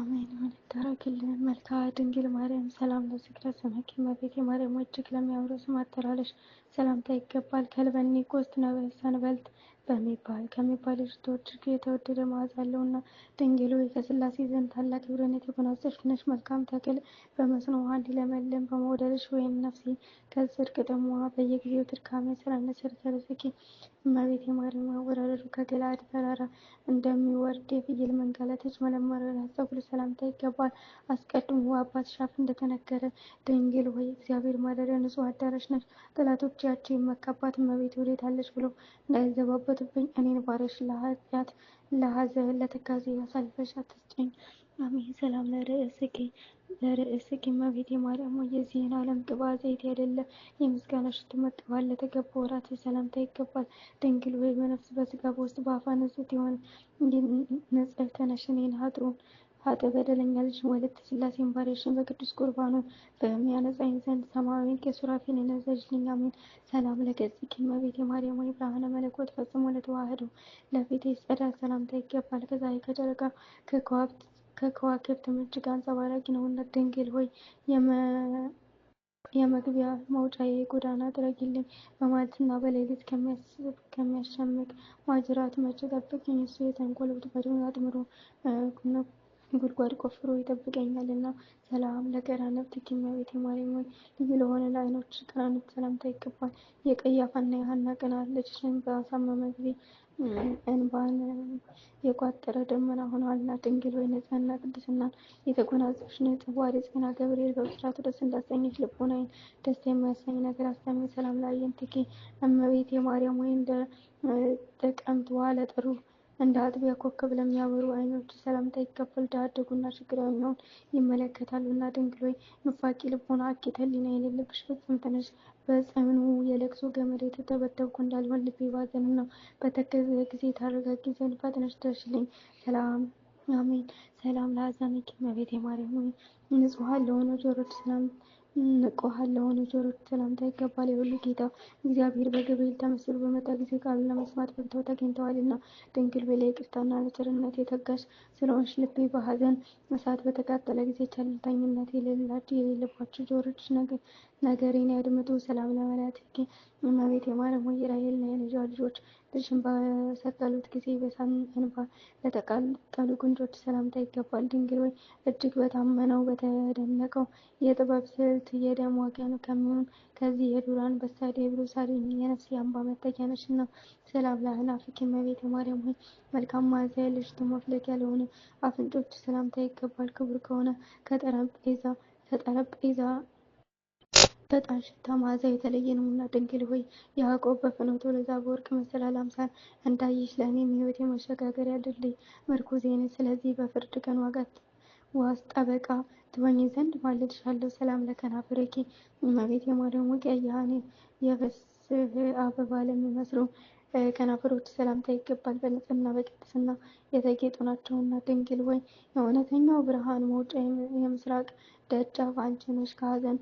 አሜን ይሁን ይደረግልን። መልክዓ ድንግል ማርያም ሰላም ለዝክረ ስምኪ መቤት የማርያም እጅግ ለሚያምሩ ስም አጠራርሽ ሰላምታ ይገባል። ከልበኒ ቆስት ነበልተ ንበልት በሚባል ከሚባል የሽቶዎች የተወደደ መዓዛ ያለውና ድንግል ሆይ ከሥላሴ ዘንድ ታላቅ ክብርን የተጎናጸፍሽ ነሽ። መልካም ተክል በመስኖ ውሃ እንዲለመልም በመውደድሽ ወይም ነፍሴ ከጽድቅ ደሟ በየጊዜው ትድካሜን ስላነሰር ተረሰኪ እመቤቴ ማርያም አወራረዱ ከገለዓድ ተራራ እንደሚወርድ የፍየል መንጋላቶች መለመሪያ ፀጉር ሰላምታ ይገባል። አስቀድሞ አባት ሻፍ እንደተነገረ ድንግል ሆይ እግዚአብሔር ማደሪያ ንጹሕ አዳራሽ ነሽ። ጠላቶች ያቺ የመካባት እመቤቴ ወዴት አለች ብሎ እንዳይዘባበት አትክፈትብኝ እኔን ባሪያሽ ለኃጢአት፣ ለሐዘን፣ ለትካዜ አሳልፈሽ አትስጭኝ። አሜን። ሰላም ለርእስኪ ለርእስኪ እመቤቴ ማርያም ሆይ የዚህን ዓለም ቅባ ዘይት አይደለ የምስጋና ሽቱ መቀባል ለተገባ ወራት ሰላምታ ይገባል። ድንግል ወይ በነፍስ በስጋ በውስጥ በአፋ ንጽሕት የሆነ ንጽሕት ነሽ እኔን ኃጥኡን አጤ በደለኛ ልጅ ወልድ ስላሴን ባሪያሽን በቅዱስ ቁርባኑ በሚያነጻኝ ዘንድ ሰማያዊን ቄስ ሱራፌል የነዘጅልኝ አሜን። ሰላም ለገጽኪ እመቤቴ የማርያም ወይ ብርሃነ መለኮት ፈጽሞ ለተዋህዶ ለፊት ጸዳ ሰላምታ ይገባል። ከዛሬ ከጨረቃ ከከዋክብት እጅግ አንጸባራቂ ነውና ድንግል ሆይ የመግቢያ መውጫ ጎዳና ጥረጊልኝ በማለትና በሌሊት ከሚያሸምቅ ማጅራት መቼ ጠብቅኝ። እሱ የተንኮል ውጥበቱን አጥምሮ ጉድጓድ ቆፍሮ ይጠብቀኛልና። ሰላም ለቀራንብት ቤት ማርያም ሆይ ልዩ ለሆነ ለዓይኖችሽ ቀናንብት ሰላምታ ይገባል። የቀያፋና የሀና ቅንዓት ልጅሽን በአሳመመ ጊዜ እንባን የቋጠረ ደመና ሆነዋልና። ድንግል ሆይ ንጽሕና ቅድስናን የተጎናጸፍሽ ንጽሕት ዋሪ ጽና ገብርኤል በብስራቱ ደስ እንዳሰኘች ልቦናዬን ደስ የሚያሰኝ ነገር አሰሚ። ሰላም ለአየንቲኪ እመቤቴ ማርያም ሆይ እንደ ጥቅምት ዋለ ጥሩ እንደ አጥቢያ ኮከብ ለሚያበሩ አይኖች ሰላምታ ይከፈል ድሃ አደጉና ችግረኛውን ይመለከታሉና ድንግል ሆይ ኑፋቂ ልቦና አቂተ ሕሊና የሌለብሽ ፍጹም ተነሽ። በጽኑ የለቅሶ ገመድ የተተበተብኩ እንዳልሆን ልቤ ባዘን ነው። በተከዘ ጊዜ ታረጋጊ ዘንድ ፈጥነሽ ደርሽልኝ። ሰላም አሜን። ሰላም ለአዛኝኪ እመቤቴ ማርያም ሆይ ንጹሐን ጆሮች ሰላም ንቆሃለሁ ጆሮች ሰላምታ ይገባል። የሁሉ ጌታ እግዚአብሔር በገብርኤል ተመስሎ በመጣ ጊዜ ቃሉን ለመስማት በብተው ተገኝተዋልና ድንግል በላይ ለይቅርታና ለቸርነት የተጋሽ ስለሆንሽ ልቤ በሀዘን እሳት በተቃጠለ ጊዜ ቸልተኝነት የሌለባቸው ጆሮች ነገሬን ያድምጡ። ሰላም ለመላእክት እመቤቴ ማርያም ሆይ ራሔልና የልጇ ልጆች ልጅን በሰቀሉት ጊዜ በሳሚ እንባ ለተቃጠሉ ጉንጮች ሰላምታ ይገባል። ድንግል ወይ እጅግ በታመነው በተደነቀው የጥበብ ስልት የደም ወገን ከሚሆን ከዚህ የዱር አንበሳ የብሩስ አደን የነፍሴ አምባ መጠጊያ ነሽና ስለ አብላህን አፍኪ እመቤቴ ማርያም ሆይ መልካም መዓዛ ያለሽ መፍለቂያ ለሆነ አፍንጮች ሰላምታ ይገባል። ክቡር ከሆነ ከጠረጴዛ በጣም ሽታ መዓዛ የተለየ ነውና ድንግል ሆይ ያዕቆብ በፍኖተ ለዛ በወርቅ መሰላል አምሳል እንዳየሽ ለእኔም ሕይወቴ የመሸጋገሪያ ድልድይ ምርኩዜ ነሽ። ስለዚህ በፍርድ ቀን ዋስ ጠበቃ ትሆኚ ዘንድ ማልድሻለሁ። ሰላም ለከናፍርኪ እመቤቴ ማርያም ውቅያ የሃኔ የፍስህ አበባ ለሚመስሉ ከናፈሮች ሰላምታ ይገባል። በንጽህና በቅድስና የተጌጡ ናቸውና ድንግል ወይ የእውነተኛው ብርሃን መውጫ የምስራቅ ደጃፍ አንቺ ነሽ። ከሀዘን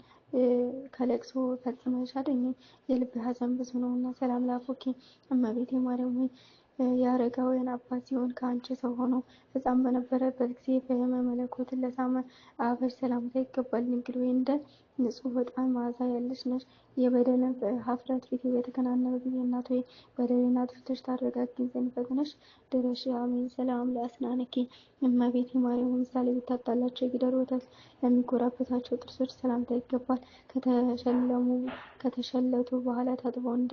ከለቅሶ ፈጽመሽ አደኝ የልብ ሀዘን ብዙ ነውና ሰላም ላፎኪ እመቤቴ ማርያም ሆይ የአረጋውያን አባት ሲሆን ከአንቺ ሰው ሆኖ ሕፃን በነበረበት ጊዜ በሕመ መለኮት ለሳመ አብሽ ሰላምታ ይገባል። ድንግል ወይ እንደ ንጹሕ ዕጣን መዓዛ ያለች ነች። የበደለ ሀፍረት ፊት በተከናነበ ጊዜ እናት ሆይ በደሌና ጥፍትሽ ታረጋግኝ ዘንድ ፈጥነሽ ድረሽ። አሜን። ሰላም ለአስናነኪ እመቤቴ ማርያም ምሳሌ ቢታጣላቸው የጊደር ወተት ለሚጎራበታቸው ጥርሶች ሰላምታ ይገባል። ከተሸለቱ በኋላ ታጥበው እንደ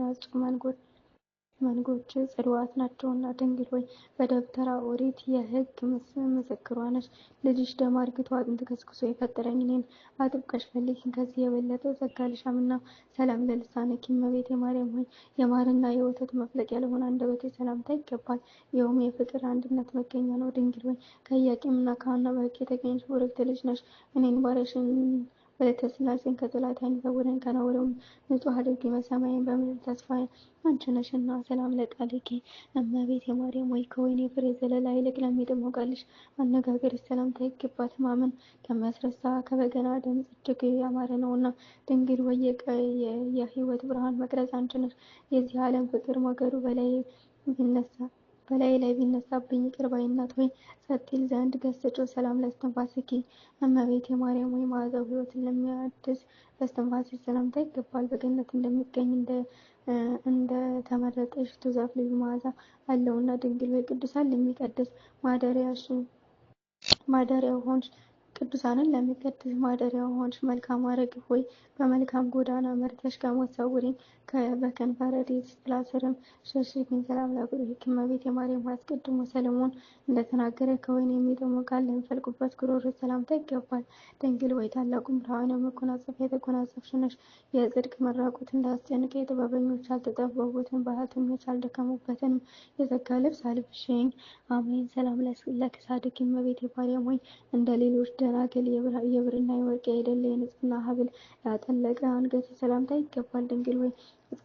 ነጹ መንጎድ መንጎች ጽድዋት ናቸውና ድንግል ሆይ በደብተራ ኦሪት የሕግ ምስክሯ ነች። ልጅሽ ደም አርግቶ አጥንት ከስክሶ የፈጠረኝ እኔን አጥብቀሽ ፈልጊ፣ ከዚህ የበለጠ ጸጋ እና ሰላም ነኪ እመቤት የማርያም ሆይ የማርና የወተት መፍለቂያ ለሆነ አንደበቴ ሰላምታ ይገባል። ይኸውም የፍቅር አንድነት መገኛ ነው። ድንግል ሆይ ከኢያቄምና ከሐና በሕግ የተገኘሽ ብርክት ልጅ ነሽ። እኔን ባሪያሽን ወለተ ሥላሴን ከጠላት ዓይን ሰውረን ከነውረውም ንጹሕ አድርጊ በሰማይም በምድር ተስፋ አንቺ ነሽና። ሰላም ለቃልኪ እመቤት የማርያም ወይ ከወይኔ ፍሬ ዘለላ ይልቅ ለሚጥመው ቃልሽ አነጋገር ሰላምታ ይገባት። ማመን ከሚያስረሳ ከበገና ድምፅ እጅግ ያማረ ነውና ድንግል ወይ የህይወት ብርሃን መቅረጽ አንቺ ነሽ። የዚህ ዓለም ፍቅር ሞገዱ በላይ ይነሳል በላይ ላይ ቢነሳብኝ ይቅር እናት ሆይ ሰጢል ዘንድ ገስጮ ሰላም ለስትንፋስኪ እመቤት የማርያም ወይ ማዕዛው ሕይወትን ለሚያድስ ለስትንፋስ ሰላምታ ይገባል። በገነት እንደሚገኝ እንደ ተመረጠ ሽቱ ዛፍ ልዩ መዓዛ አለውና ድንግል ወይ ቅዱሳን ለሚቀድስ ማደሪያው ሆንሽ ቅዱሳንን ለሚቀድስ ማደሪያ ሆንሽ መልካም አረግፍ ሆይ በመልካም ጎዳና መርተሽ ከሞት በከንፈረ ሬት ጥላ ስርም ሸሽግኝ። ሰላም ለጉሪ መቤት የማርያም አስቀድሞ ሰለሞን እንደተናገረ ከወይን የሚጠመው ቃል ለሚፈልቁበት ጉሮሮ ሰላምታ ይገባል። ድንግል ወይ ታላቁ ብርሃን መጎናጸፊያ የተጎናጸፍሽ ነሽ። የጽድቅ መራቁት እንዳስጨንቀ የጥበበኞች አልተጠበቡትን ባህተኞች አልደከሙበትንም የዘጋ ልብስ አልብሽኝ። አሜን። ሰላም ለክሳድክ መቤት የማርያም ሆይ እንደ ሌሎች ገላገል የብርና የወርቅ የአይደለ የንጽሕና ሀብል ያጠለቀ አንገት ሰላምታ ይገባል። ድንግል ሆይ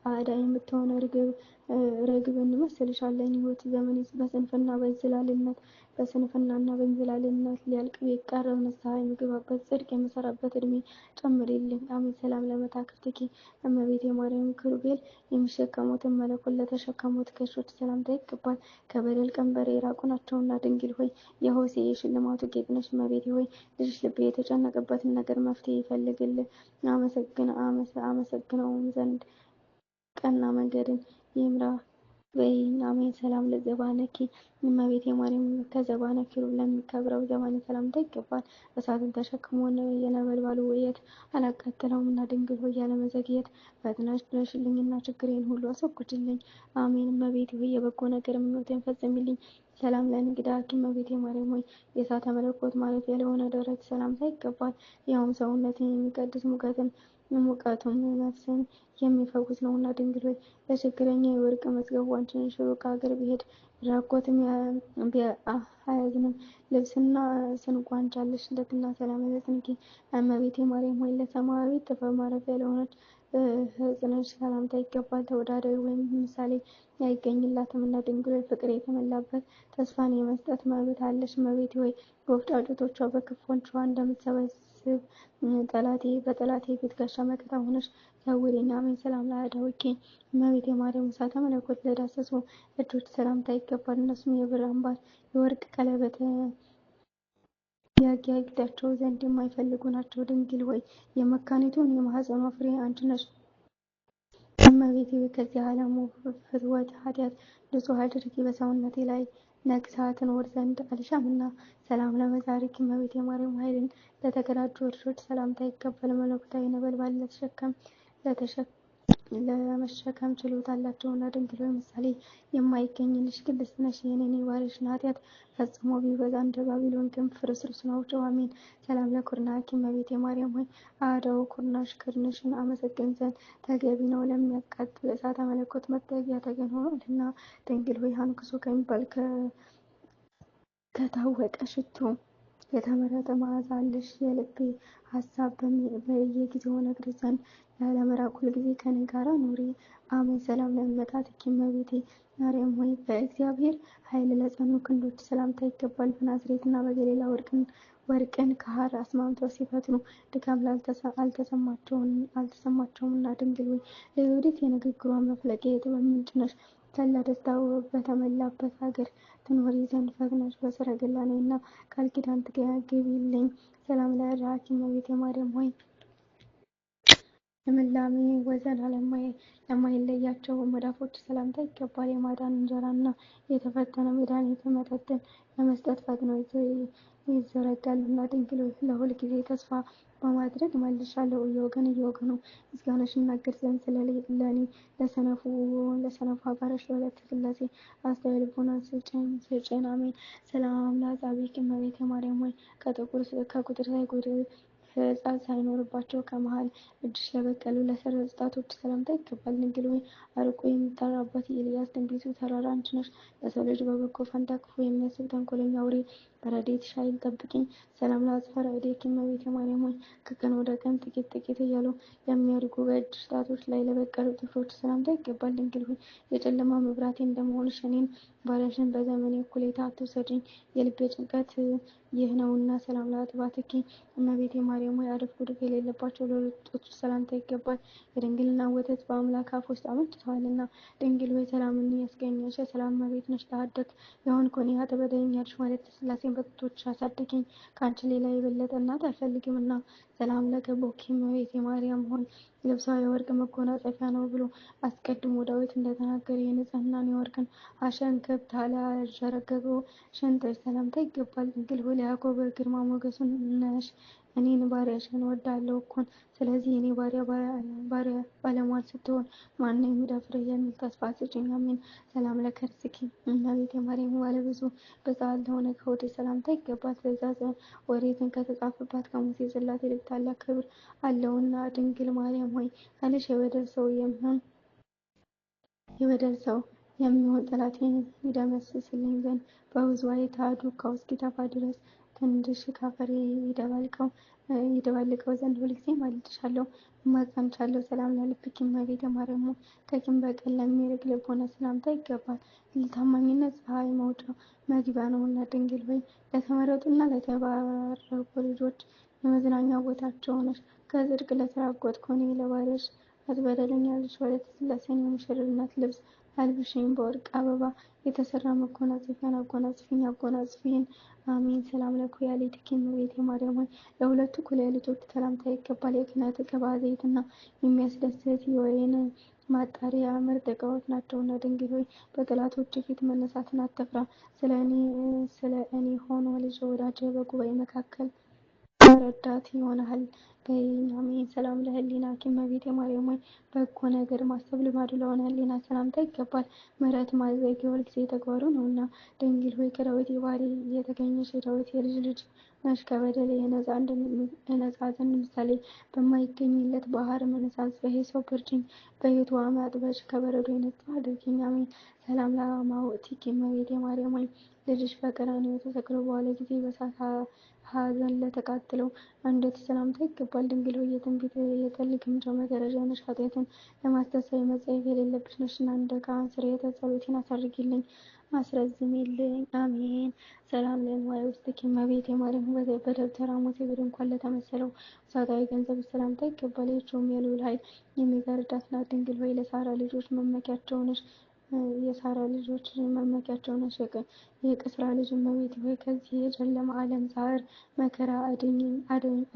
ጻዕዳ የምትሆነ ርግብን መስልሻለን ሕይወት ዘመን በስንፍና በእንዝላልነት በስንፍና እና በእንዝላልነት ሊያልቅ የቀረው ንስሐ የምገባበት ጽድቅ የምሰራበት እድሜ ጨምሪልኝ። አሜን። ሰላም ለመታክፍትኪ እመቤት የማርያም ክሩቤል የሚሸከሙትን መለኮት ለተሸከሙት ከሾች ሰላምታ ይገባል። ከበደል ቀንበር የራቁ ናቸውና ድንግል ሆይ የሆሴ የሽልማቱ ጌጥ ነሽ። እመቤቴ ሆይ ልጅሽ ልቤ የተጨነቀበትን ነገር መፍትሄ ይፈልግልን አመሰግነውም ዘንድ ቀና መንገድን ይምራ። በይኝ አሜን። ሰላም ለዘባነኪ እመቤቴ ማርያም ከዘባነ ኪሩብ ለሚከብረው ዘባነ ሰላምታ ይገባል። እሳትን ተሸክሞ ነብየ ነበልባሉ ውየት አላቃጠለውም እና ድንግል ሆይ ያለመዘግየት ፈጥነሽ ድረሽልኝና ችግሬን ሁሉ አሰኩችልኝ። አሜን። እመቤት ሆይ የበጎ ነገር ምኞቴን ፈጽሚልኝ። ሰላም ለእንግዳ ኪ እመቤቴ ማርያም ሆይ የእሳተ መለኮት ማለት የለሆነ ደረት ሰላምታ ይገባል። ያውም ሰውነትን የሚቀድስ ሙቀትን ሙቀቱን ነፍስን የሚፈውስ ነውና ድንግል ሆይ በችግረኛ የወርቅ መዝገብ ዋንችን ሽሮ ከሀገር ቢሄድ ራቆትም አያዝንም ልብስና ስንቋን ቻለሽለትና ሰላም ለጽንኪ እመቤቴ ማርያም ሆይ ለሰማያዊት ጥበብ ማረፊያ ለሆነች ህጽነች ሰላምታ ይገባል። ተወዳዳሪ ወይም ምሳሌ አይገኝላትም እና ድንግል ሆይ ፍቅር የተመላበት ተስፋን የመስጠት መብት አለሽ። እመቤቴ ሆይ ወፍጫ ጩቶቿ በክንፎቿ እንደምትሰበስ ሳላስብ ጠላቴ በጠላቴ ፊት ጋሻ መከታ ሆነሽ ያውልኝ ምን ሰላም ለአዳዊኪ እመቤት ማርያም ሙሳ መለኮት ለዳሰሱ እጆች ሰላምታ ይገባል። እነሱም የብር አምባር የወርቅ ቀለበት ያጌጣቸው ዘንድ የማይፈልጉ ናቸው። ድንግል ወይ የመካኒቱን የማህፀኗ ፍሬ አንቺ ነሽ። እመቤቴ ከዚህ ዓለም ፍትወት ኃጢአት ንጹሕ አድርጊ በሰውነቴ ላይ ነግሣ ትኖር ዘንድ አልሻምና። ሰላም ለመዛሪክ እመቤት የማርያም ኃይልን ለተገዳጁ እርሾች ሰላምታ ይገባል። መለኮታዊ ነበልባል ለተሸከም ለመሸከም ችሎት አላቸውና ድንግል ሆይ ምሳሌ የማይገኝልሽ ቅድስት ነሽ። የእኔ ባሪያሽን ኃጢአት ፈጽሞ ቢበዛ እንደ ባቢሎን ግንብ ፍርስርስ ጨው አሜን። ሰላም ለኩርናኪ እመቤቴ ማርያም ሆይ አደው ኩርናሽ ክርንሽን አመሰግን ዘንድ ተገቢ ነው። ለሚያቃጥል እሳተ መለኮት መጠጊያ ተገን ሆኗልና ድንግል ሆይ አንክሶ ከሚባል ከታወቀ ሽቱ የተመረጠ መዓዛ አለሽ የልቤ ሀሳብ በየጊዜው እነግርሽ ዘንድ ያለመራቅ ሁልጊዜ ከእኔ ጋር ኑሪ። አሜን። ሰላም ለሚመጣት እመቤቴ ማርያም ሆይ በእግዚአብሔር ኃይል ለጸኑ ክንዶች ሰላምታ ይገባል። በናዝሬት እና በገሊላ ወርቅን ከሐር አስማምተው ሲፈትኑ ድካም አልተሰማቸውም እና ድንግል ሆይ ለዮዲት የንግግሯ መፍለቂያ የጥበብ ምንጭ ነሽ። ሰላ ደስታው በተሞላበት ሀገር ትኖሪ ዘንድ ፈጥነሽ በሰረገላ እና ቃል ኪዳን ትገቢልኝ። ሰላም ለእለሃኪ እመቤቴ ማርያም ሆይ ልምላሜ ወዘና ለማይለያቸው መዳፎች ሰላምታ ይገባል። የማዳን እና የተፈተነ መድኃኒት መጠጥን ለመስጠት ፈጥኖ ይዘረጋሉና ድንግሎች ለሁል ጊዜ ተስፋ በማድረግ መልሻለሁ። እየወገን እየወገኑ ምስጋናሽ እናገር ዘንድ ስለሌለኔ ለሰነፉ ለሰነፉ አባረሽ ለሁለት ስላሴ አስተዋይ ልቦና ስጭን። አሜን። ሰላም ለአጻብዕኪ እመቤቴ ማርያም ሆይ ከጥቁር ከቁጥር ሳይጎድ ሕፃን ሳይኖርባቸው ከመሃል እጅሽ ለበቀሉ ለሰር ጣቶች ሰላምታ ይገባል። ድንግል ሆይ አርቆ የሚጠራበት የኤልያስ ትንቢቱ ተራራ አንቺ ነሽ። ለሰው ልጅ በበጎ ፈንታ ክፉ የሚያስብ ተንኮለኛ አውሬ በረድኤትሽ ኃይል ጠብቂኝ። ሰላም ለአጽብሐ ረድኤት እመቤቴ ማርያም ሆይ ከቀን ወደ ቀን ጥቂት ጥቂት እያሉ የሚያድጉ በእጅ ጣቶች ላይ ለበቀሉ ጥፍሮች ሰላምታ ይገባል። ድንግል ሆይ የጨለማ መብራቴ እንደመሆንሽ እኔን ባለሽን በዘመን እኩሌታ አትውሰጂኝ። የልቤ ጭንቀት ይህ ነውና። ሰላም ለአጥባትኪ እመቤቴ ማርያም ሆይ አረፍ ጉድፍ የሌለባቸው ለጡቶች ሰላምታ ይገባል። የድንግልና ወተት በአምላክ አፍ ውስጥ አመንጭተዋልና። ድንግል ሆይ ሰላምን ያስገኘሽ የሰላም መቤት ነሽ። ተሃደግ የሆንኩን ያተበደኝ ያድሽ ማለት ስላሴ በጡቶች አሳደገኝ። ከአንቺ ሌላ የበለጠ እናት አልፈልግም እና ሰላም ለገቦኪ እመቤቴ የማርያም ሆን ልብሷ የወርቅ መጎናጸፊያ ነው ብሎ አስቀድሞ ዳዊት እንደተናገረ የንጽህናን የወርቅን አሸንክብ ላልዘረገፈው ሽንጥሽ ሰላምታ ይገባል። ድንግል ሆይ ለያዕቆብ ግርማ ሞገሱ ነሽ። እኔን ባሪያሽን ወዳለው እኮን ስለዚህ እኔ ባሪያ ባሪያ ባለሟል ስትሆን ማነው የሚደፍርህ የሚል ተስፋ ስጭኝ አሜን ሰላም ለከርስኪ እመቤቴ ማርያም ባለብዙ በጸዓት ለሆነ ከወዴ ሰላምታ ይገባል ትእዛዝ ወሬትን ከተጻፈባት ከሙሴ ጽላት ይልቅ ታላቅ ክብር አለውና ድንግል ማርያም ሆይ ከንሽ የበደል ሰው የሚሆን የበደል ሰው የሚሆን ጠላቴን ይደመስስልኝ ዘንድ በብዙ አይታ ዱካው ተፋ ድረስ ከንድሽ ከአፈር ይደባልቀው ዘንድ ሁልጊዜ ማልድሻለሁ፣ እማጸንሻለሁ። ሰላም ላለብኪ እመቤቴ ማርያም ሆይ ከቂም በቀል ለሚርቅ ልቦና ሰላምታ ይገባል። ለታማኝነት ፀሐይ መውጫ መግቢያ ነውና ድንግል ሆይ ለተመረጡና ለተባረኩ ልጆች የመዝናኛ ቦታቸው ነሽ። ከጽድቅ ለተራቆትኩ እኔ ለባሪያሽ አትበደለኝ አልሽ። ወደ ስላሴን የሙሽርነት ልብስ አልብሽኝ በወርቅ አበባ የተሰራ መጎናጸፊያን አጎናጽፊኝ አጎናጽፊን። አሜን። ሰላም ለኩ ያሌትኪ እመቤቴ ማርያም ሆይ ለሁለቱ ኩላሊቶች ሰላምታ ይገባል። የቅናት ቅባ ዘይትና የሚያስደስት የወይን ማጣሪያ ምርጥ ናቸው እና ድንግል ሆይ በጠላቶች ፊት መነሳትን አትፍራ። ስለ እኔ ሆኖ ልጅ ወዳጅ በጉባኤ መካከል ረዳት ይሆናል። በኢያሜን ሰላም ለህሊና እመቤቴ የማርያም ሆይ በጎ ነገር ማሰብ ልማድ ለሆነ ህሊና ሰላምታ ይገባል። ምሕረት ማድረግ የሁል ጊዜ ተግባሩ ነውና፣ ድንግል ሆይ ከዳዊት የባሪ የተገኘሽ የዳዊት የልጅ ልጅ ነሽ። ከበደል የነጻ ዘንድ ምሳሌ በማይገኝለት ባህር መነሳት በሂሶጵ ሰው በሕይወት ውሃ ማጥበሽ ከበረዶ የነጻ አድርጊኝ። ሰላም ለአማዎቲኪ ኪመቤት ማርያም ሆይ ልጅሽ በቀራንዮ ተሰቅሎ በዋለ ጊዜ ሀዘን ለተቃጥለው እንዴት ሰላምታ ይገባል። ድንግል ሆይ የትንቢት የጠልቅ ምንጭ መገረዣ ነሽ፣ ኃጢአትን ለማስተሰሪ መጸየፍ የሌለብሽ ነሽና እንደ ካህን ከአንስርየተ ጸሎቴን አሳርጊልኝ አስረዝሚልኝ። አሜን። ሰላም ለንዋይ ውስጥ እመቤቴ ማርያም በደብተራ ሞቴ ብር እንኳን ለተመሰለው ሳታዊ ገንዘብ ሰላምታ ይገባል። የቸውም የልዑል ኃይል የሚጋርዳት ናት። ድንግል ሆይ ለሳራ ልጆች መመኪያቸው ነሽ። የሳራ ልጆች መመኪያቸውን አሸቀ። የቅስራ ልጅ እመቤቴ ሆይ ከዚህ የጨለማ ዓለም ጻዕር መከራ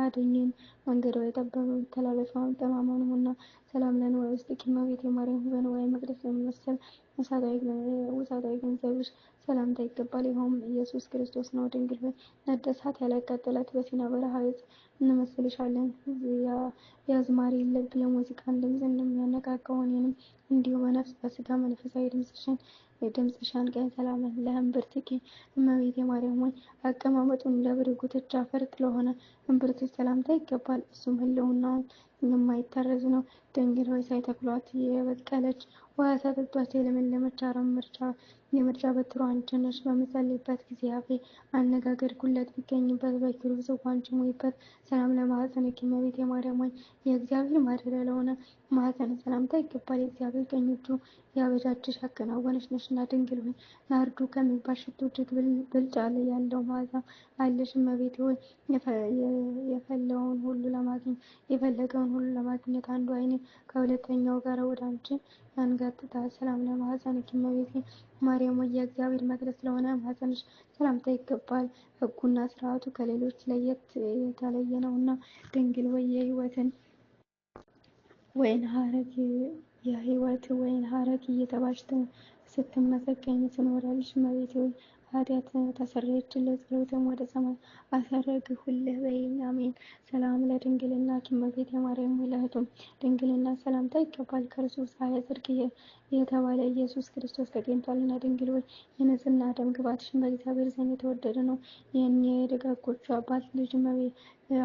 አድኝን። መንገዷ የጠበበ መተላለፊያዋም ጠማማ ነውና ሰላም ለንዋይ ውስጥ ቤት እመቤቴ ማርያም በንዋየ መቅደስ ለሚመሰል መሳታዊ ገንዘብሽ ሰላምታ ይገባል። ይኸውም ኢየሱስ ክርስቶስ ነው። ድንግል ሆይ ነደ እሳት ያላቃጠላት በሲና በረሃ ዕፅ እንመስልሻለን። የአዝማሪ ልብ የሙዚቃን ድምፅ እንደሚያነቃቃው እኔንም እንዲሁ በነፍስ በስጋ መንፈሳዊ ድምፅሽን የድምፅሽን ቀን ሰላምን ለእምብርትኪ እመቤቴ ማርያም ሆይ አቀማመጡን ለብርጉ ብርጉ ትቻ ፈርጥ ለሆነ እንብርት ሰላምታ ይገባል። እሱም ህልውናውን የማይታረዝ ነው። ደንግል ሆይ ሳይተክሏት የበቀለች ውሃ ሳይጠጧት የለመለመች አረም ምርጫ የምርጫ በትሮ አንቺ ነሽ። በምጸልይበት ጊዜ አፌ አነጋገር ጉለት ቢገኝበት በኪሩብ ጽዋ አንቺ ሙይበት። ሰላም ለማህፀን እመቤቴ ማርያም የእግዚአብሔር ማደሪያ ለሆነ ማኅፀን ሰላምታ ይገባል። የእግዚአብሔር ቀኝ እጁ ያበጃጀሽ ያከናወነች እና ድንግል ሆይ ናርዱ ከሚባል ሽቶ እጅግ ብልጫ ያለው ማዛ አለሽ። እመቤቴ ሆይ የፈለውን ሁሉ ለማግኘት የፈለገውን ሁሉ ለማግኘት አንዱ አይኔ ከሁለተኛው ጋር ወደ አንቺ ያንጋጥታል። ሰላም ለማኅፀንኪ እመቤቴ ማርያም ሆይ የእግዚአብሔር መቅደስ ስለሆነ ማኅፀንሽ ሰላምታ ይገባል። ህጉና ስርዓቱ ከሌሎች ለየት የተለየ ነው እና ድንግል ሆይ የሕይወትን ወይን ሐረግ የህይወት ወይን ሐረግ እየተባሽተ ስትመሰገኝ ትኖሪያለሽ። እመቤቴ ወይ ኃጢአት ተሰረየችለት ጸሎትም ወደ ሰማይ አሰረግሁልህ በይኝ አሜን። ሰላም ለድንግልና ኪመቤት የማርያም ወላዲቱም ድንግልና ሰላምታ ይገባል። ከእርሱ ፀሐየ ጽድቅ የተባለ ኢየሱስ ክርስቶስ ተገኝቷልና ድንግል ሆይ የንጽሕና ደም ግባትሽን በእግዚአብሔር ዘንድ የተወደደ ነው። ይህን የደጋጎቹ አባት ልጅ መቤት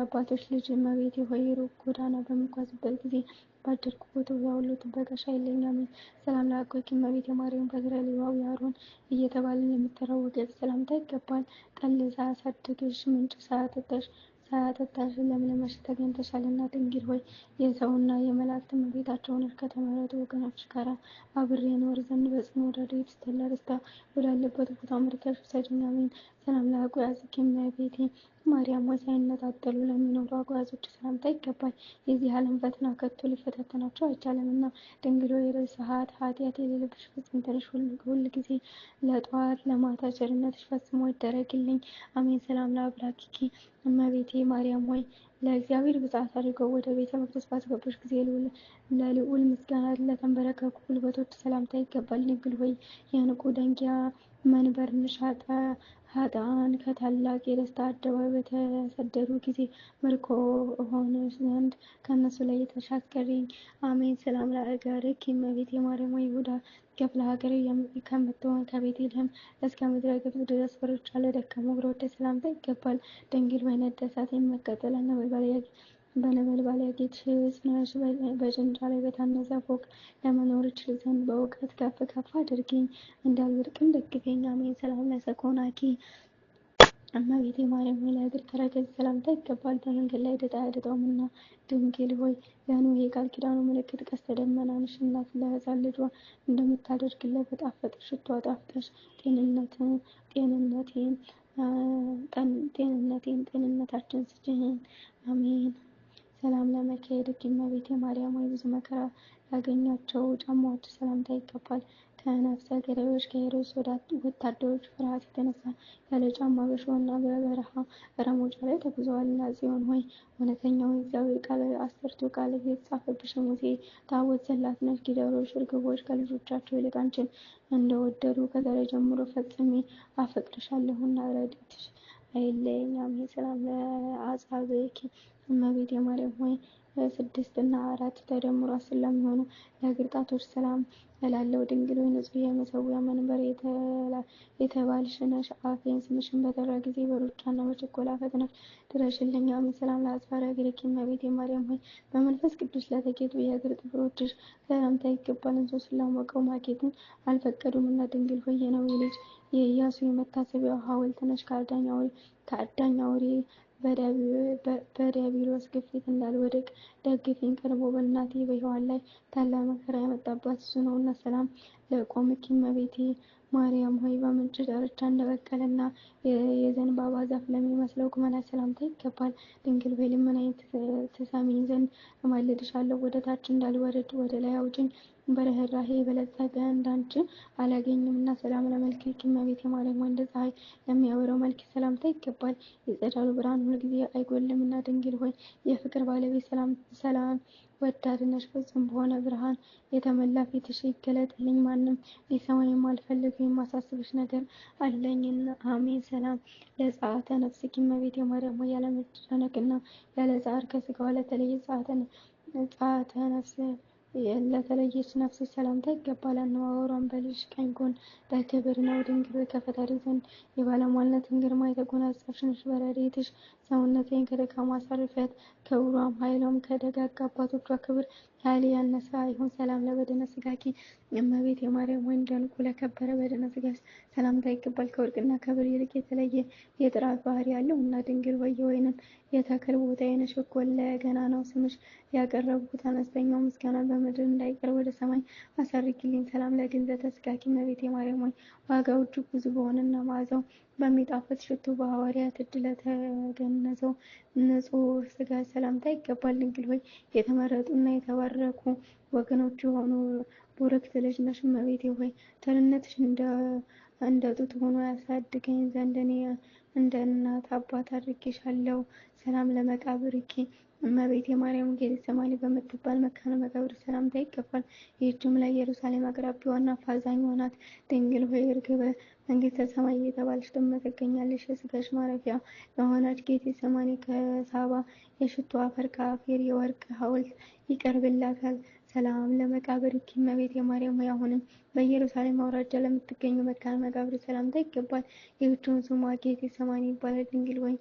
አባቶች ልጅ መቤት የሆይ ሩቅ ጎዳና በምጓዝበት ጊዜ ባደርኩበት ያሁሉ ጥበቃሽ አይለኛምን ሰላም ለአምላክ እመቤት የማርያም በግራ ሌባዊ አሮን እየተባልን የምትታወቂው ሰላምታ ይገባል። ጠል ሳያሳድግሽ ምንጭ ሳያጠጣሽ ሳያጠጣሽ ለምለመሽ ተገኝተሻልና ድንግል ሆይ የሰውና የመላእክት እመቤታቸውን ከተመረጡ ወገኖች ጋራ አብሬ እኖር ዘንድ በጽኑ ረድኤት የተላልስታ ወዳለበት ቦታ መርተሽ ውሰጂኝ አሜን። ሰላም ለአምላክ አዝኪ እመቤቴ ማርያም ሆይ ሳይነጣጠሉ ለሚኖሩ አጓዞች ሰላምታ ይገባል። የዚህ ዓለም ፈተና ከቶ ሊፈታተናቸው አይቻልምና ድንግሎ የርዕስ ሀት ኃጢአት የሌለብሽ ፍጽም ፍጽምትነሽ ሁል ጊዜ ለጠዋት ለማታ ቸርነትሽ ፈጽሞ ይደረግልኝ። አሜን። ሰላም ለአብራኪኪ እመቤቴ ማርያም ሆይ ለእግዚአብሔር ብፅዓት አድርገው ወደ ቤተ መቅደስ ባስገቡሽ ጊዜ ለልዑል ምስጋና ለተንበረከኩ ጉልበቶች ሰላምታ ይገባል። ድንግል ሆይ የንቁ ደንጊያ መንበር ነሽ ኃጥአን ከታላቅ የደስታ አደባባይ በተሰደዱ ጊዜ ምርኮ እሆን ዘንድ ከእነሱ ላይ የተሻገረኝ። አሜን። ሰላም ለአጋርክ እመቤቴ ማርያም ይሁዳ ክፍለ ሀገር ከምትሆን ከቤተልሔም እስከ ምድረ ግብጽ ድረስ በሩጫ ለደከሙ እግሮች ሰላምታ ይገባል። ድንግል በነደሳት የመቀጠል አነበልባል በነበልባል ያጌጠ ጽናሽ በጭንጫ ላይ በታነጸ ፎቅ ለመኖር እችል ዘንድ በእውቀት ከፍ ከፍ አድርጊኝ፣ እንዳልወድቅም ደግፈኝ። አሜን። ሰላም ለሰኮናኪ እመቤቴ ማርያም ሆይ ለእግር ተረከዝ ሰላምታ ይገባል። በመንገድ ላይ ድጣ ያድጠውም እና ድንግል ሆይ የኖህ የቃል ኪዳኑ ምልክት ቀስተ ደመናንሽ እናት ለሕፃን ልጇ እንደምታደርግለት በጣፈጠ ሽቶ አጣፍጠሽ ጤንነትን ጤንነቴን ጤንነቴን ጤንነታችን ስጭን። አሜን ሰላም ለመካሄድ እመቤቴ ማርያም ሆይ ብዙ መከራ ያገኛቸው ጫማዎች ሰላምታ ይገባል። ከነፍሰ ገዳዮች ከሄሮድስ ወታደሮች ፍርሃት የተነሳ ያለ ጫማ በእሾህና በበረሃ ረሞጫ ላይ ተጉዘዋልና ጽዮን ሆይ እውነተኛው እግዚአብሔር ቃል አስርቱ ቃል የተጻፈብሽ ሙሴ ታቦት ሰላት ነሽ። ጊደሮች እርግቦች ከልጆቻቸው ይልቅ አንቺን እንደወደዱ ከዛሬ ጀምሮ ፈጽሜ አፈቅርሻለሁና ረድኤትሽ አይለየኝ። ሰላም ለአጻብዕኪ እመቤት የማርያም ሆይ ስድስት እና አራት ተደምሮ ስለሚሆኑ ጣቶች ሰላም እላለሁ። ድንግል ሆይ ንጹሕ የመሰዊያ መንበር የተባልሽ ነሽ። አፌን ስምሽን በጠራ ጊዜ በሩጫና በችኮላ ፈጥነሽ ድረሽልኝ። ሰላም ለአጽፋረ እግርኪ እመቤት የማርያም ሆይ በመንፈስ ቅዱስ ለተጌጡ የእግር ጥፍሮችሽ ሰላምታ ይገባል። እንሶ ስላሞቀው ማጌጥን አልፈቀዱም እና ድንግል ሆይ የነዌ ልጅ የኢያሱ የመታሰቢያው ሐውልት ነሽ። ከአዳኝ አውሬ በዲያብሎስ ግፊት እንዳልወድቅ ደግፊኝ። ቀርቦ በእናቴ በሔዋን ላይ ታላቅ መከራ ያመጣባት እሱ እና ሰላም ለቆምኪ እመቤቴ ማርያም ሆይ በምንጭ ዳርቻ እና የዘንባባ ዛፍ ለሚመስለው ቁመና ሰላምታ ይገባል። ድንግል ሆይ ልመናዬን ትሰሚኝ ዘንድ እማልድሻለሁ። ወደ ታች እንዳልወርድ ወደ ላይ አውጭኝ። በርኅራኄ የበለጸገ እንዳንቺ እና ሰላም ለመልክ እመቤቴ ማርያም ወንደ ፀሐይ ለሚያበራው መልክ ሰላምታ ይገባል። የጸዳሉ ብርሃን ሁልጊዜ እና ድንግል ሆይ የፍቅር ባለቤት ሰላም ወዳድነሽ ፍጹም በሆነ ብርሃን የተመላ ፊትሽ ይገለጥልኝ። ማንም ሊሰማኝ የማልፈልገው የማሳስብሽ ነገር አለኝና። አሜን። ሰላም ለፀአተ ነፍስኪ እመቤቴ ማርያም ሆይ ያለመጨነቅና ያለ ጻዕር ከሥጋዋ ለተለየ ጸአተ ነፍስ ለተለየች ነፍስ ሰላምታ ይገባል። አነዋወሯን በልጅ ቀኝ ጎን በክብር ነው ድንግል ከፈጣሪ ዘንድ የባለሟልነትን ግርማ የተጎናጸፍሽ ነሽ። በረድኤትሽ ሰውነቴን ከደካማ አሳልፊያት ከውሯም ኃይሏም ከደጋግ አባቶቿ ክብር ለአሊያ ያነሳ ይሁን ሰላም ለበደነ ስጋኪ እመቤት የማርያም ወይም ደንቁ ለከበረ በደነ ስጋሽ ሰላምታ ይገባል። ከወርቅና ከብር ይልቅ የተለየ የጥራት ባህሪ ያለው እና ድንግል ወይንም የተክል ቦታ የነሽ ወለ ገና ነው ስምሽ ያቀረብኩት አነስተኛው ምስጋና በምድር እንዳይቀር ወደ ሰማይ አሳርግልኝ። ሰላም ለግንዘተ ስጋኪ እመቤት የማርያም ወይ ዋጋው እጅግ ብዙ በሆነና መዓዛው በሚጣፍጥ ሽቱ በሐዋርያት እጅ ለተገነዘው ንጹሕ ሥጋ ሰላምታ ይገባል። ድንግል ሆይ የተመረጡ እና የተባረኩ ወገኖች የሆኑ ቡርክት ልጅ ነሽ። እመቤቴ ሆይ ቸርነትሽ እንደ ጡት ሆኖ ያሳድገኝ ዘንድ እኔ እንደ እናት አባት አድርጌሻለሁ። ሰላም ለመቃብርኪ እመቤት የማርያም ጌቴ ሰማኒ በምትባል መካነ መቃብር ሰላምታ ይገባል። ይህችም ለኢየሩሳሌም አቅራቢያ ዋና አፋዛኝ ናት። ድንግል ሆይ እርግበ መንግሥተ ሰማይ እየተባለች ትመሰገኛለች። የስጋሽ ማረፊያ የሆነች ጌት ከሳባ የሽቶ አፈር ከአፌር የወርቅ ሐውልት ይቀርብላታል። ሰላም ለመቃብር እመቤት የማርያም ሆይ አሁንም በኢየሩሳሌም አውራጃ ለምትገኙ መካነ መቃብር ሰላምታ ይገባል። ይህችም ስሟ ጌቴ ሰማኒ ይባላል። ድንግል ወይ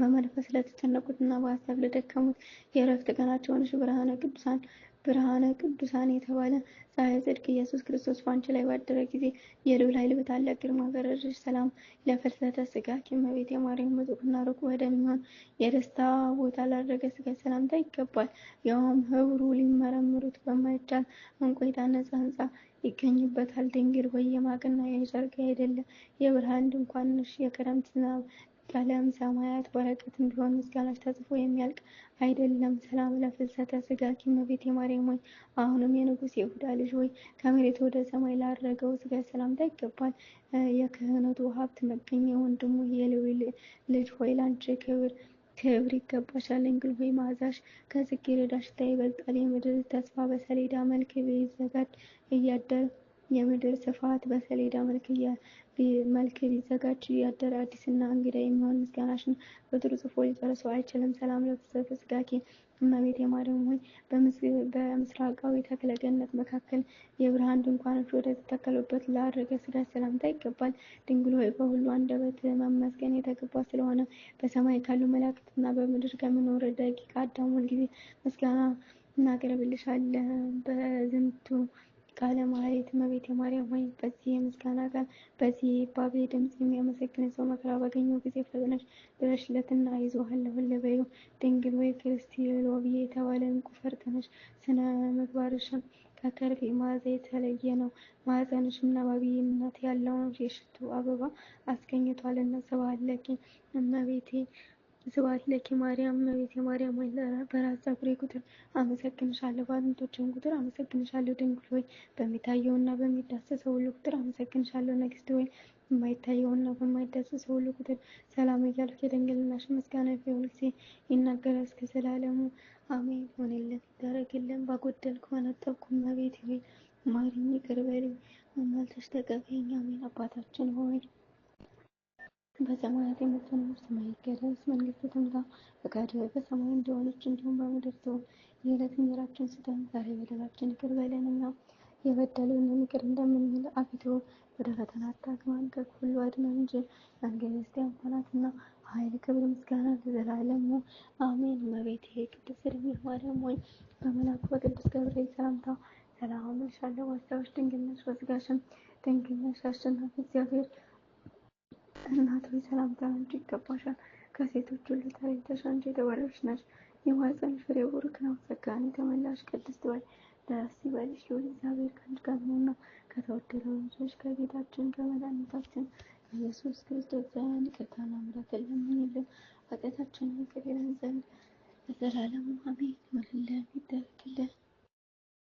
በመንፈስ ለተጨነቁትና በሀሳብ ለደከሙት የእረፍት ቀናቸው ነሽ። ብርሃነ ቅዱሳን ብርሃነ ቅዱሳን የተባለ ፀሐይ ጽድቅ ኢየሱስ ክርስቶስ በአንቺ ላይ ባደረ ጊዜ የልዑል ኃይል በታላቅ ግርማ በረድሽ። ሰላም ለፍልሰተ ስጋ እመቤቴ ማርያም ምጡቅና ሩቅ ወደሚሆን የደስታ ቦታ ላደረገ ሥጋ ሰላምታ ይገባል። ያውም ህብሩ ሊመረምሩት በማይቻል እንቆይታ ነፃ ህንፃ ይገኝበታል። ድንግል ወይ የማቅና የጨርቅ አይደለም የብርሃን ድንኳን ነሽ። የክረምት ዝናብ ቀለም፣ ሰማያት፣ ወረቀትም ቢሆን ምስጋናሽ ተጽፎ የሚያልቅ አይደለም። ሰላም ለፍልሰተ ስጋኪ እመቤቴ ማርያም ሆይ አሁንም የንጉሥ ይሁዳ ልጅ ሆይ ከመሬት ወደ ሰማይ ላረገው ስጋ ሰላምታ ይገባል። የክህነቱ ሀብት መገኛ ወንድሙ የሌዊ ልጅ ሆይ ላንቺ ክብር ክብር ይገባሻል። እንግል ሆይ ማዛሽ ከጽጌረዳ ሽታ ይበልጣል። የምድር ተስፋ በሰሌዳ መልክ ቢዘጋጅ እያደር የምድር ስፋት በሰሌዳ መልክ ቢዘጋጅ ያደረ አዲስ እና እንግዳ የሚሆን ምስጋናሽን በጥሩ ጽፎ ሊጨርሰው አይችልም። ሰላም ለብሰት ስጋኪ እመቤት ማርያም ሆይ በምስራቃዊ ተክለ ገነት መካከል የብርሃን ድንኳኖች ወደ ተተከሉበት ላረገ ስጋ ሰላምታ ይገባል። ድንግል ሆይ በሁሉ አንደበት መመስገን የተገባ ስለሆነ በሰማይ ካሉ መላእክትና በምድር ከሚኖር ደቂቅ አዳም ሁልጊዜ ምስጋና እናቀርብልሻለን በዝምቱ ቃለ ማህሌት እመቤቴ ማርያም ሆይ በዚህ የምስጋና ቀን በዚህ የባቤ ድምፅ የሚያመሰግን ሰው መከራ ባገኘው ጊዜ ፈጥነሽ ድረሽለትና ይዞሃለሁ በይው። ድንግል ወይ ክርስቲሎብዬ የተባለ እንቁ ፈርጥነሽ ስነ ምግባርሽን ከከርቤ መዓዛ የተለየ ነው። ማኅፀንሽ ምናባቢነት ያለውን የሽቱ አበባ አስገኝቷልና ስብሐት ለኪ እመቤቴ ስብሐት ለኪ ማርያም እመቤቴ ማርያም ሆይ በራስ ጸጉሬ ቁጥር አመሰግንሻለሁ፣ በአጥንቶቼም ቁጥር አመሰግንሻለሁ። ድንግል ሆይ እና በሚዳሰሰው ሁሉ ቁጥር አመሰግንሻለሁ። ንግሥት ሆይ እና በማይዳሰሰው ሁሉ ቁጥር ሰላም እያልኩ የድንግልናሽ ምስጋና በሁል ጊዜ ይናገራል እስከ ዘላለሙ አሜን። ሆንልን ይደረግልን፣ ባጎደል ከሆነ ጠብቁን። እመቤቴ ሆይ ማሪኝ፣ ይቅር በለኝ፣ አማልደሽ ተቀበይኝ። አሜን። አባታችን ሆይ በሰማያት የምትኖር የማይገለጽ መንግሥት ትምጣ። ፈቃድህ በሰማይ እንደሆነች እንዲሁም በምድር ትሁን። የዕለት እንጀራችንን ስጠን ዛሬ። በደላችንን ይቅር በለንና የበደሉንን ይቅር እንደምንል። አቤቱ ወደ ፈተና አታግባን ከሁሉ አድነን እንጂ መንግሥት ያንተ ናትና፣ ኃይል፣ ክብር፣ ምስጋና ለዘላለሙ አሜን። እመቤቴ ቅድስት ድንግል ማርያም ሆይ በመልአኩ በቅዱስ ገብርኤል ሰላምታ ሰላም እልሻለሁ። ድንግል ነሽ፣ በሥጋሽም ድንግል ነሽ። አሸናፊ እግዚአብሔር እናት ሆይ ሰላምታ አንቺ ይገባሻል። ከሴቶች ሁሉ ተለይተሽ አንቺ የተባረክሽ ነሽ፣ የማኅፀንሽ ፍሬ ቡሩክ ነው። ጸጋን የተመላሽ ቅድስት ሆይ ደስ ይበልሽ፣ ልዑል እግዚአብሔር ከአንቺ ጋር ነውና ከተወደደው ልጅሽ ከጌታችን ከመድኃኒታችን ኢየሱስ ክርስቶስ ዘንድ ይቅርታና ምሕረትን ለምኝልን ኃጢአታችንን ይቅር ይለን ዘንድ ለዘላለሙ አሜን። ይማልደን ይደረግልን